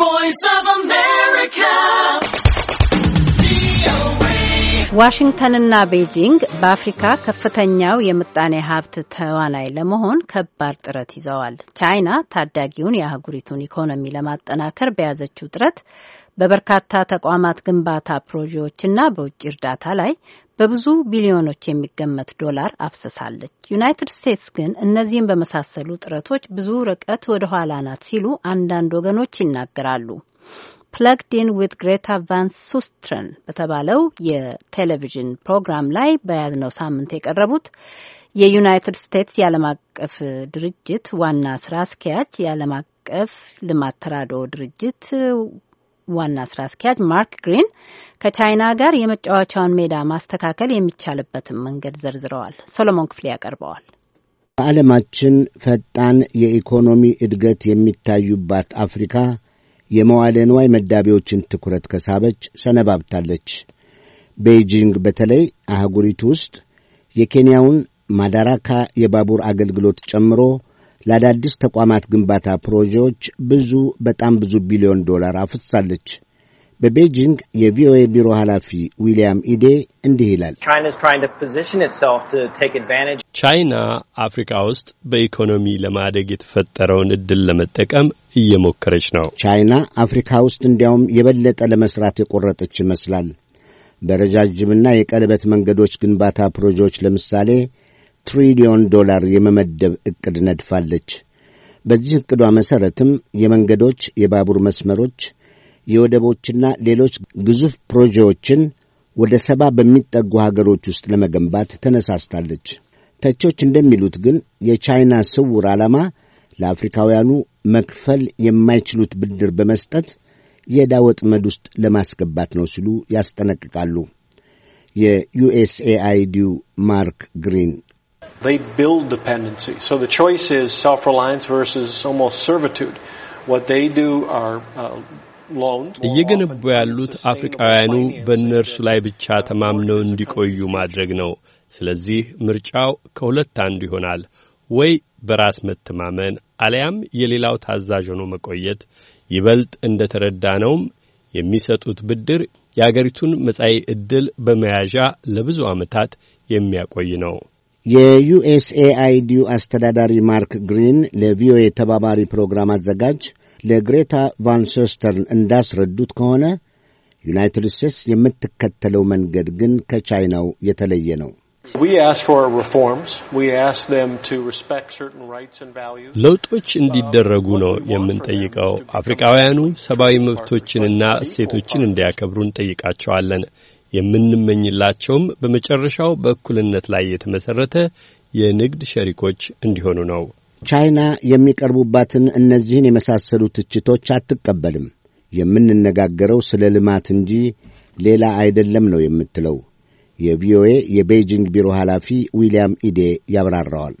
voice of America. ዋሽንግተንና ቤጂንግ በአፍሪካ ከፍተኛው የምጣኔ ሀብት ተዋናይ ለመሆን ከባድ ጥረት ይዘዋል። ቻይና ታዳጊውን የአህጉሪቱን ኢኮኖሚ ለማጠናከር በያዘችው ጥረት በበርካታ ተቋማት ግንባታ ፕሮጀክቶችና በውጭ እርዳታ ላይ በብዙ ቢሊዮኖች የሚገመት ዶላር አፍሰሳለች። ዩናይትድ ስቴትስ ግን እነዚህን በመሳሰሉ ጥረቶች ብዙ ርቀት ወደ ኋላ ናት ሲሉ አንዳንድ ወገኖች ይናገራሉ። ፕለግድ ኢን ዊት ግሬታ ቫን ሱስትረን በተባለው የቴሌቪዥን ፕሮግራም ላይ በያዝነው ሳምንት የቀረቡት የዩናይትድ ስቴትስ የዓለም አቀፍ ድርጅት ዋና ስራ አስኪያጅ የዓለም አቀፍ ልማት ተራድኦ ድርጅት ዋና ስራ አስኪያጅ ማርክ ግሪን ከቻይና ጋር የመጫወቻውን ሜዳ ማስተካከል የሚቻልበትን መንገድ ዘርዝረዋል። ሶሎሞን ክፍሌ ያቀርበዋል። በዓለማችን ፈጣን የኢኮኖሚ እድገት የሚታዩባት አፍሪካ የመዋለ ንዋይ መዳቢዎችን ትኩረት ከሳበች ሰነባብታለች። ቤይጂንግ በተለይ አህጉሪቱ ውስጥ የኬንያውን ማዳራካ የባቡር አገልግሎት ጨምሮ ለአዳዲስ ተቋማት ግንባታ ፕሮጀዎች ብዙ በጣም ብዙ ቢሊዮን ዶላር አፍሳለች። በቤጂንግ የቪኦኤ ቢሮ ኃላፊ ዊልያም ኢዴ እንዲህ ይላል። ቻይና አፍሪካ ውስጥ በኢኮኖሚ ለማደግ የተፈጠረውን እድል ለመጠቀም እየሞከረች ነው። ቻይና አፍሪካ ውስጥ እንዲያውም የበለጠ ለመስራት የቆረጠች ይመስላል። በረጃጅምና የቀለበት መንገዶች ግንባታ ፕሮጀዎች ለምሳሌ ትሪሊዮን ዶላር የመመደብ ዕቅድ ነድፋለች። በዚህ ዕቅዷ መሠረትም የመንገዶች፣ የባቡር መስመሮች፣ የወደቦችና ሌሎች ግዙፍ ፕሮጀዎችን ወደ ሰባ በሚጠጉ ሀገሮች ውስጥ ለመገንባት ተነሳስታለች። ተቾች እንደሚሉት ግን የቻይና ስውር ዓላማ ለአፍሪካውያኑ መክፈል የማይችሉት ብድር በመስጠት የዕዳ ወጥመድ ውስጥ ለማስገባት ነው ሲሉ ያስጠነቅቃሉ። የዩኤስኤአይዲው ማርክ ግሪን They build dependency. So the choice is self-reliance versus almost servitude. What they do are uh, እየገነቡ ያሉት አፍሪቃውያኑ በእነርሱ ላይ ብቻ ተማምነው እንዲቆዩ ማድረግ ነው። ስለዚህ ምርጫው ከሁለት አንዱ ይሆናል። ወይ በራስ መተማመን አሊያም የሌላው ታዛዥ ሆኖ መቆየት። ይበልጥ እንደ ተረዳ ነውም የሚሰጡት ብድር የአገሪቱን መጻኢ ዕድል በመያዣ ለብዙ ዓመታት የሚያቆይ ነው። የዩኤስኤአይዲ አስተዳዳሪ ማርክ ግሪን ለቪኦኤ ተባባሪ ፕሮግራም አዘጋጅ ለግሬታ ቫንሶስተርን እንዳስረዱት ከሆነ ዩናይትድ ስቴትስ የምትከተለው መንገድ ግን ከቻይናው የተለየ ነው። ለውጦች እንዲደረጉ ነው የምንጠይቀው። አፍሪካውያኑ ሰብአዊ መብቶችንና እሴቶችን እንዲያከብሩ እንጠይቃቸዋለን። የምንመኝላቸውም በመጨረሻው በእኩልነት ላይ የተመሠረተ የንግድ ሸሪኮች እንዲሆኑ ነው። ቻይና የሚቀርቡባትን እነዚህን የመሳሰሉ ትችቶች አትቀበልም። የምንነጋገረው ስለ ልማት እንጂ ሌላ አይደለም ነው የምትለው። የቪኦኤ የቤይጂንግ ቢሮ ኃላፊ ዊልያም ኢዴ ያብራራዋል።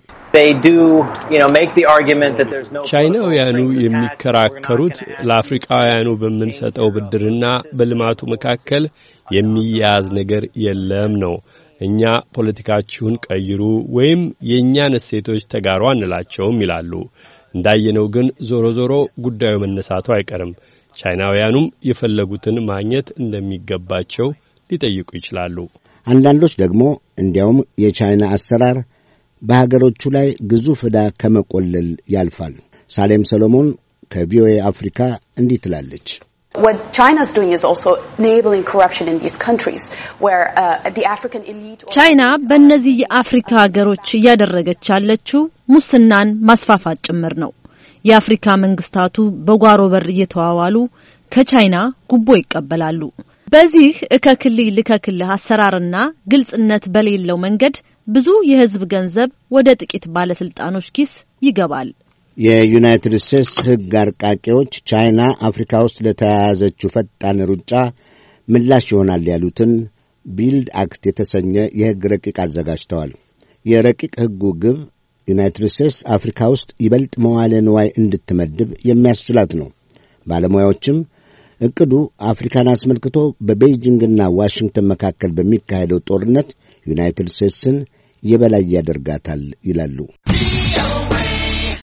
ቻይናውያኑ የሚከራከሩት ለአፍሪቃውያኑ በምንሰጠው ብድርና በልማቱ መካከል የሚያያዝ ነገር የለም ነው። እኛ ፖለቲካችሁን ቀይሩ ወይም የእኛን እሴቶች ተጋሩ አንላቸውም ይላሉ። እንዳየነው ግን ዞሮ ዞሮ ጉዳዩ መነሳቱ አይቀርም። ቻይናውያኑም የፈለጉትን ማግኘት እንደሚገባቸው ሊጠይቁ ይችላሉ። አንዳንዶች ደግሞ እንዲያውም የቻይና አሰራር በሀገሮቹ ላይ ግዙፍ ዕዳ ከመቆለል ያልፋል። ሳሌም ሰሎሞን ከቪኦኤ አፍሪካ እንዲህ ትላለች። uh, ቻይና በእነዚህ የአፍሪካ ሀገሮች እያደረገች ያለችው ሙስናን ማስፋፋት ጭምር ነው። የአፍሪካ መንግስታቱ በጓሮ በር እየተዋዋሉ ከቻይና ጉቦ ይቀበላሉ። በዚህ እከክልይ ልከክልህ አሰራርና ግልጽነት በሌለው መንገድ ብዙ የህዝብ ገንዘብ ወደ ጥቂት ባለስልጣኖች ኪስ ይገባል። የዩናይትድ ስቴትስ ህግ አርቃቂዎች ቻይና አፍሪካ ውስጥ ለተያያዘችው ፈጣን ሩጫ ምላሽ ይሆናል ያሉትን ቢልድ አክት የተሰኘ የህግ ረቂቅ አዘጋጅተዋል። የረቂቅ ህጉ ግብ ዩናይትድ ስቴትስ አፍሪካ ውስጥ ይበልጥ መዋለ ንዋይ እንድትመድብ የሚያስችላት ነው። ባለሙያዎችም እቅዱ አፍሪካን አስመልክቶ በቤይጂንግና ዋሽንግተን መካከል በሚካሄደው ጦርነት ዩናይትድ ስቴትስን የበላይ ያደርጋታል ይላሉ።